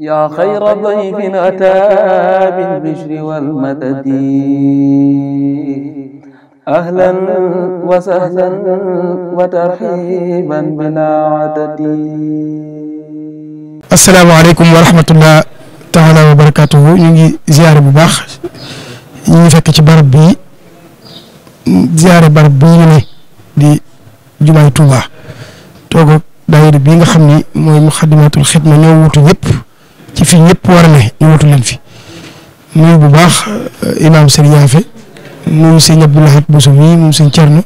yaa xayra dayfin ataa bil bishri wal madadi ahlan wa sahlan wa tarhiiban bilaa adadi. asalaamaaleykum wa rahmatullah wa barakaatuhu ñu ngi ziare bu baax ñu ngi fekk ci barab bi ziare barab bi ñu ne di jumaay Tuuba toog daayira bi nga xam ni mooy Muxaddamatul Xidma ñoo wutu ci fi ñëpp war a ñu watu leen fi nuyu bu baax euh, imaam sëñ Yaafe nuyu sëñ Abdou Lahad Bousso mii moom sëñ Thierno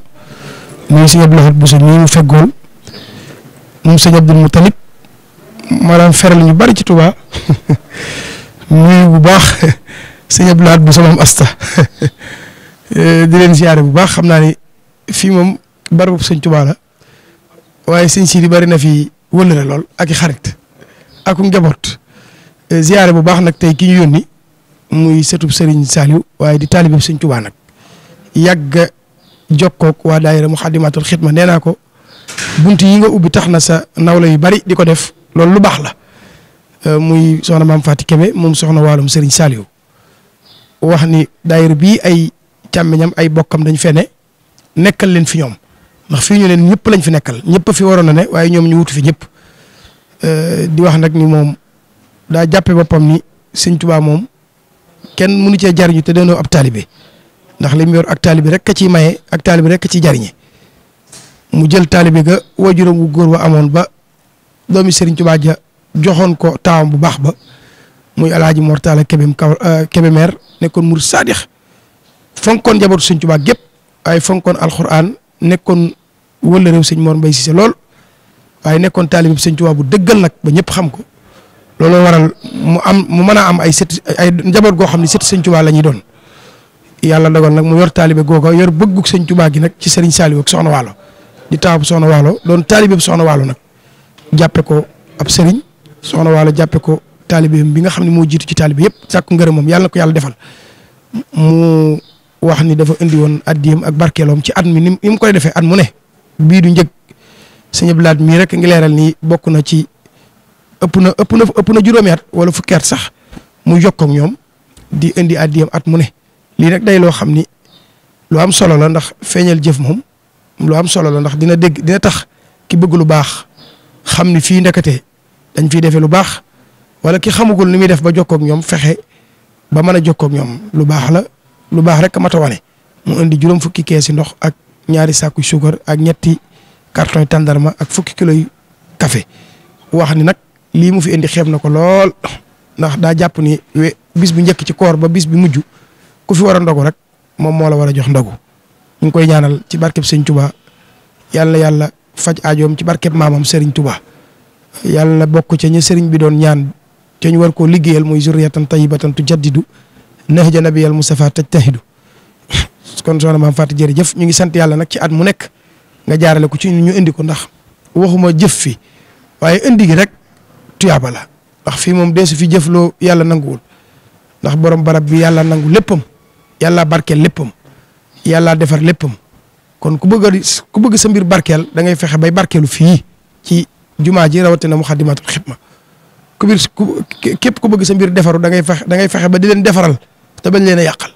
nuyu sëñ Abdou Lahad Bousso mii mu feggoon moom maanaam feral ñu bari ci bu baax sëñ Abdou Lahad asta euh, di leen ziare bu baax xam naa ni fii moom barabu sëñ Touba la waaye sëñ si di bari na fi wëllëre lool ak i xarit ak njaboot. Eh, ziyaare bu baax nag tey ki ñu yónni muy sëtub sëriñ Saliou waaye di taalibe Serigne Touba nag yàgg jokkoog waa daayira Muxaddamatul Xidma nee naa ko bunt yi nga ubbi tax na sa nawla yu bari di ko def loolu lu baax la eh, muy soxna maam Faati Kebe moom soxna waalum Serigne Saliou wax ni daayira bii ay càmmiñam ay bokkam dañ fene nekkal leen fi ñoom ndax fii ñu leen ñëpp lañ fi nekkal ñëpp fi waroon na ne waaye ñoom ñu wutu fi ñëpp eh, di wax nag daa jàppe boppam ni sëñ Tuubaa moom kenn mënu cee jariñu te danoo ab taalibe ndax li mu yor ak taalibe rek a ciy maye ak taalibe rek a ciy jariñe mu jël taalibe ga waajuram wu góor wa amoon ba doomi Serigne Touba ja joxoon ko taawam bu baax ba muy El Hadj Mor Talla Kébem euh, nekkoon mur saadix fonkoon njabootu Serigne Touba gépp waaye fonkoon alxuraan nekkoon wëllëreew sëñ Mor Mbay si Cissé lool waaye nekkoon taalibe Serigne Touba bu dëggal nag ba ñëpp xam ko. looloo waral mu am mu mën a am ay sët ay njaboot goo xam ne sët sëñ Tuubaa la ñuy doon yàlla dogal nag mu yor taalibe googa yor bëgg sëñ Tuubaa gi nag ci Serigne Saliou ak Soxna Waalo di taabu Soxna Waalo doon taalibe bu Soxna Waalo nag jàppee ko ab sëriñ Soxna Waalo jàppee ko taalibeem bi nga xam ne moo jiitu ci taalibe yëpp sàkku ngërëm moom yàlla ko yàlla defal mu wax ni dafa indi woon addiyam ak barkeeloom ci at mi ni mu koy defee at mu ne bii du njëg sëñ laat mii rek ngi leeral bokk na ci ëpp na ëpp na ëpp na juróomi at wala fukki at sax mu yokk ñoom di indi at addiyam at mu ne lii nag day loo xam ni lu am solo la ndax feeñal jëf moom lu am solo la ndax dina dégg dina tax ki bëgg lu baax xam ni fii ndekete dañ fiy defee lu baax wala ki xamugul ni muy def ba jokkoo ñoom fexe ba mën a jokkook ñoom lu baax la lu baax rek mat a wane mu indi juróom fukki keesi ndox ak ñaari saaku suukar ak ñetti carton tàndarma ak fukki kilo yu café wax ni nag lii mu fi indi xeeb na ko lool ndax daa jàpp ni we bis bu njëkk ci koor ba bis bi mujj ku fi war a ndogu rek moom moo la war a jox ndogu ñu ngi koy ñaanal ci barkeb sëñ Touba yàlla yàlla faj aajoom ci barkeb maamam Serigne tuba yàlla na bokk ca ña Serigne bi doon ñaan ca war koo liggéeyal muy zurriyatan tayyibatan tujaddidu nahja nabiyal Mustafa tajtahidu kon soxna maam Fatou jërëjëf ñu ngi sant yàlla nag ci at mu nekk nga jaarale ko ci ñu indi ko ndax waxuma jëf fi waaye indi rek. tuyaaba la ndax fii moom deesu fi jëfloo yàlla nanguwul ndax borom barab bi yàlla nangu léppam yàlla barkeel léppam yàlla defar léppam kon ku bëgg ku bëgg sa mbir barkeel da ngay fexe bay barkeelu fii ci jumaa ji rawatina Muxaddamatul Xidma ku képp ku bëgg sa mbir defaru da ngay fexe da ngay fexe ba di leen defaral te bañ leen a yàqal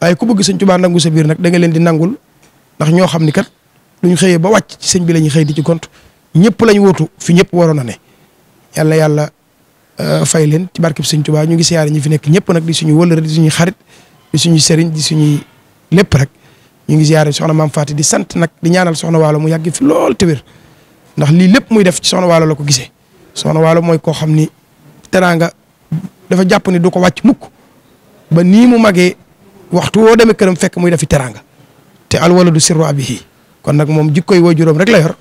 waaye ku bëgg sëñ Tuubaa nangu sa biir nag da nga leen di nangul ndax ñoo xam ni kat ñu xëyee ba wàcc ci sëñ bi la ñuy xëy di ci gont ñëpp lañ wóotu fi ñëpp waroon a ne. yàlla yàlla euh, fay leen ci barkeb sëñ Tuubaa ñu ngi siyaare ñu fi nekk ñëpp nag di suñu wëllëre di suñu xarit di suñu sëriñ di suñuy lépp rek ñu ngi siyaare soxna maam Faati di sant nag di ñaanal soxna waalo mu yàgg fi lool te wér ndax lii lépp muy def ci soxna waalo la ko gisee soxna waalo mooy koo xam ni teraanga dafa jàpp ni du ko wàcc mukk ba nii mu magee waxtu woo demee këram fekk muy defi teraanga te alwala du sirru abihi kon nag moom jikkoy waajuram rek la yor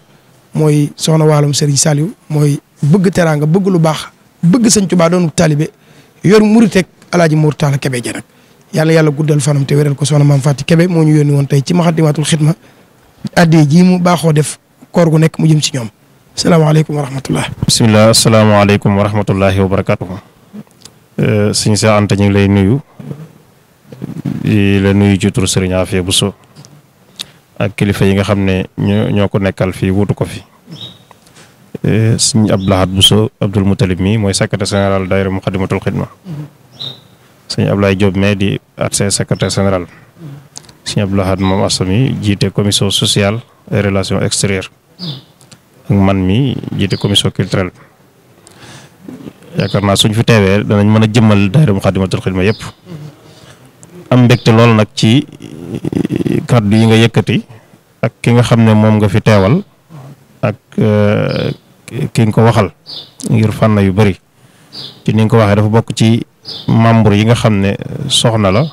mooy soxna waalum Serigne Saliou mooy bëgg teraanga bëgg lu baax bëgg sëñ Tuubaa doon taalibe yor murit ak alaaji Mor Talla Kebe ja yalla yàlla yàlla guddal fanam te wéral ko soxna maam Faati Kebe moo ñu yónni woon tey ci Moukhaddamatoul Khidma addee ji mu baaxoo def koor nekk mu jëm ci ñoom salaamaaleykum wa rahmatullah. bisimilah salaamaaleykum wa rahmatullahi wa barakaatuhu. Euh, sëñ Seex Anta ñu ngi lay nuyu. di la nuyu ci turu Serigne Afia Bousso ak kilifa yi nga xam ne ñoo ko nekkal fii wutu ko fi. suñ ab Abdou bu Bousso Abdoul Moutalib mii mooy secrétaire sénéral daayira Muxaddamatul Xidma sëñ Ablaye Diop mais di adjoint secrétaire sëñ Abdou Lahad moom Asta mi jiite commission sociale et relations extérieures ak man mi jiite commission culturelle yaakaar naa suñ fi teewee danañ mën a jëmmal daayira Muxaddamatul Xidma yëpp am mbégte lool nag ci eh, kàddu yi nga yëkkati ak ki nga xam ne moom nga fi teewal ak eh, ki nga ko waxal ngir fànn yu bëri ci ni nga ko waxee dafa bokk ci membre yi nga xam ne euh, soxna la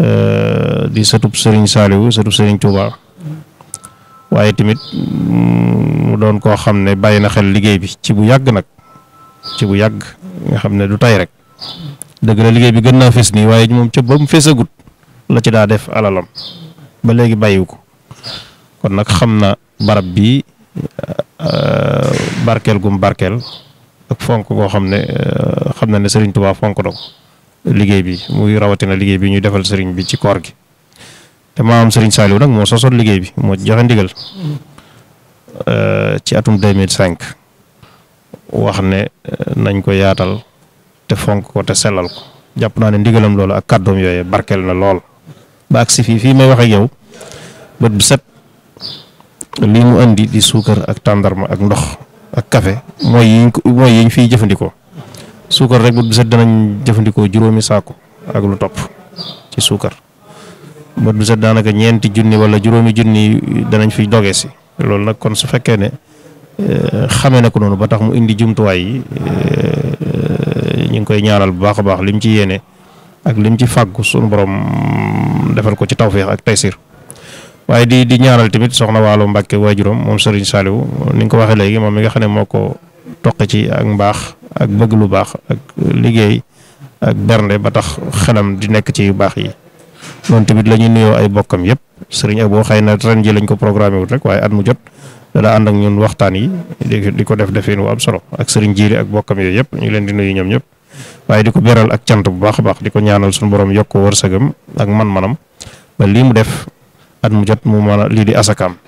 euh, di sëtub sëriñ Saaliwu sëtub sëriñ Tuuba waaye tamit mm, mu doon koo xam ne bàyyi na xel liggéey bi ci bu yàgg nag ci bu yàgg nga xam ne du tay rek dëgg la liggéey bi gën naa fes nii waaye moom ca ba mu fesagut la ci daa def alalam ba léegi bàyyiwu ko kon nag xam na barab bi Euh, barkeel gum barkeel ak fonk koo xam ne euh, xam na ne sëriñ Tuubaa fonk na liggéey bi muy rawatina liggéey bi ñuy defal sëriñ bi ci koor gi te maam sëriñ Saliou nag moo sosoon liggéey bi moo joxe ndigal euh, ci atum 2005 wax ne nañ ko yaatal te fonk ko te sellal ko jàpp naa ne ndigalam loolu ak kàddoom yooyee barkeel na lool ba ak si fii may wax ak bët bu set lii mu indi di suukar ak tàndarma ak ndox ak kafe mooy yiñ mooy yiñ fiy jëfandikoo suukar rek bu set danañ jëfandikoo juróomi saako ak lu topp ci suukar ba du set daanaka ñeenti junni wala juróomi junni danañ fi doge si loolu nag kon su fekkee ne eh, xamee na ko noonu ba tax mu indi jumtuwaay yi eh, ñu ngi koy ñaanal bu baax a baax lim ci yéene ak lim ci fàggu sunu borom defal ko ci tawféex ak taysir waaye di di ñaanal tamit soxna Waalo Mbàkke waajuram moom Serigne Saliou ni nga ko waxee léegi moom mi nga xam ne moo ko toqi ci ak mbaax ak bëgg lu baax ak liggéey ak bernde ba tax xelam di nekk ci yu baax yi noonu tamit la nuyoo ay bokkam yëpp Serigne Abo xëy na ren ji lañ ko programmé wut rek waaye at mu jot dala ànd ak ñun waxtaan yi di ko def defin wu am solo ak sëriñ Jiili ak bokkam yooyu yëpp ñu leen di nuyu ñoom ñëpp waaye di ko beral ak cant bu baax a baax di ko ñaanal suñu borom yokk wërsëgam ak man-manam ba lii mu def at mu jot mu mën a lii di asakaam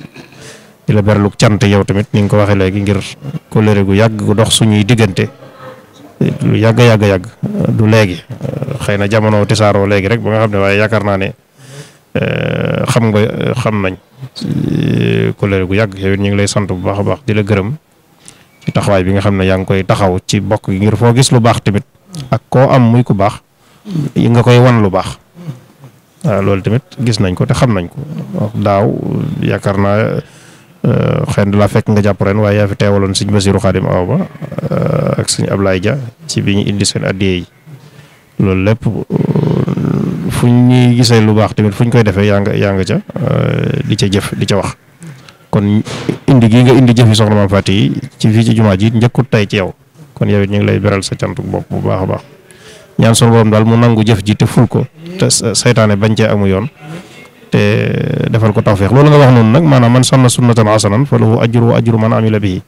di la beralug cant yow tamit ni nga ko waxee léegi ngir kóllëre gu yàgg gu dox su ñuy diggante lu yàgg yàgg yàgg du léegi euh, xëy na jamono tisaaroo léegi rek ba xam ne waaye yaakaar naa ne euh, xam nga xam nañ euh, kóllëre gu yàgg yow ñu ngi lay sant bu baax a baax di la gërëm ci taxawaay bi nga xam ne yaa ngi koy taxaw ci bokk gi ngir foo gis lu baax tamit ak koo am muy ku baax yi nga koy wan lu baax. waaw loolu tamit gis nañ ko te xam nañ ko daaw yaakaar naa euh, xëy na laa fekk nga jàpp ren waaye yaa fi teewaloon sëñ Basiru Xaadim Awa Ba euh, ak sëñ Ablaye ja ci bi indi seen addiye yi loolu lépp euh, fu ñuy gisee lu baax tamit fu koy defee yaa nga nga ca di ca jëf di ca wax kon indi gii nga indi jëf yi soxna Maam Faty yi ci fii ci jumaa jiit njëkkut tey ci yow kon yow ñu ngi lay beral sa cantu bopp bu baax a baax ñaan sunu borom daal mu nangu jëf ji te ful ko. seytaane bañ cee amu yoon te defal ko feex loolu nga wax noonu nag maanaam man sanna sunnatan hasanan fa lahu ajru wa ajru man amila bihi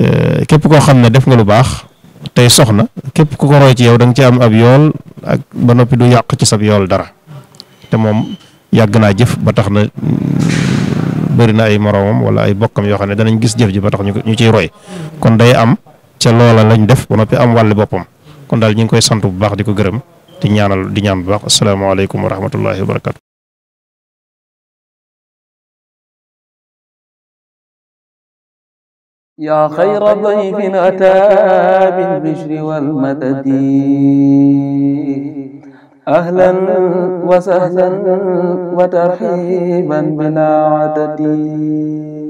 eh, képp koo xam ne def nga lu baax tey soxna képp ku ko roy ci yow danga nga ci am ab yool ak ba noppi du yàq ci sab yool dara te moom yàgg naa jëf ba tax na mm, bëri na ay moroomam wala ay bokkam yoo xam ne danañ gis jëf ji ba tax ñu ciy roy kon day am ca loola lañ def ba noppi am wàll boppam kon daal ñu ngi koy sant bu baax di ko gërëm di ñaanal di ñaan bu baax asalaamaaleykum wa rahmatullahi wa barakatu yaa xayra dayfin ataa bil bishri wal madadi ahlan wa sahlan wa tarhiiban bilaa adadi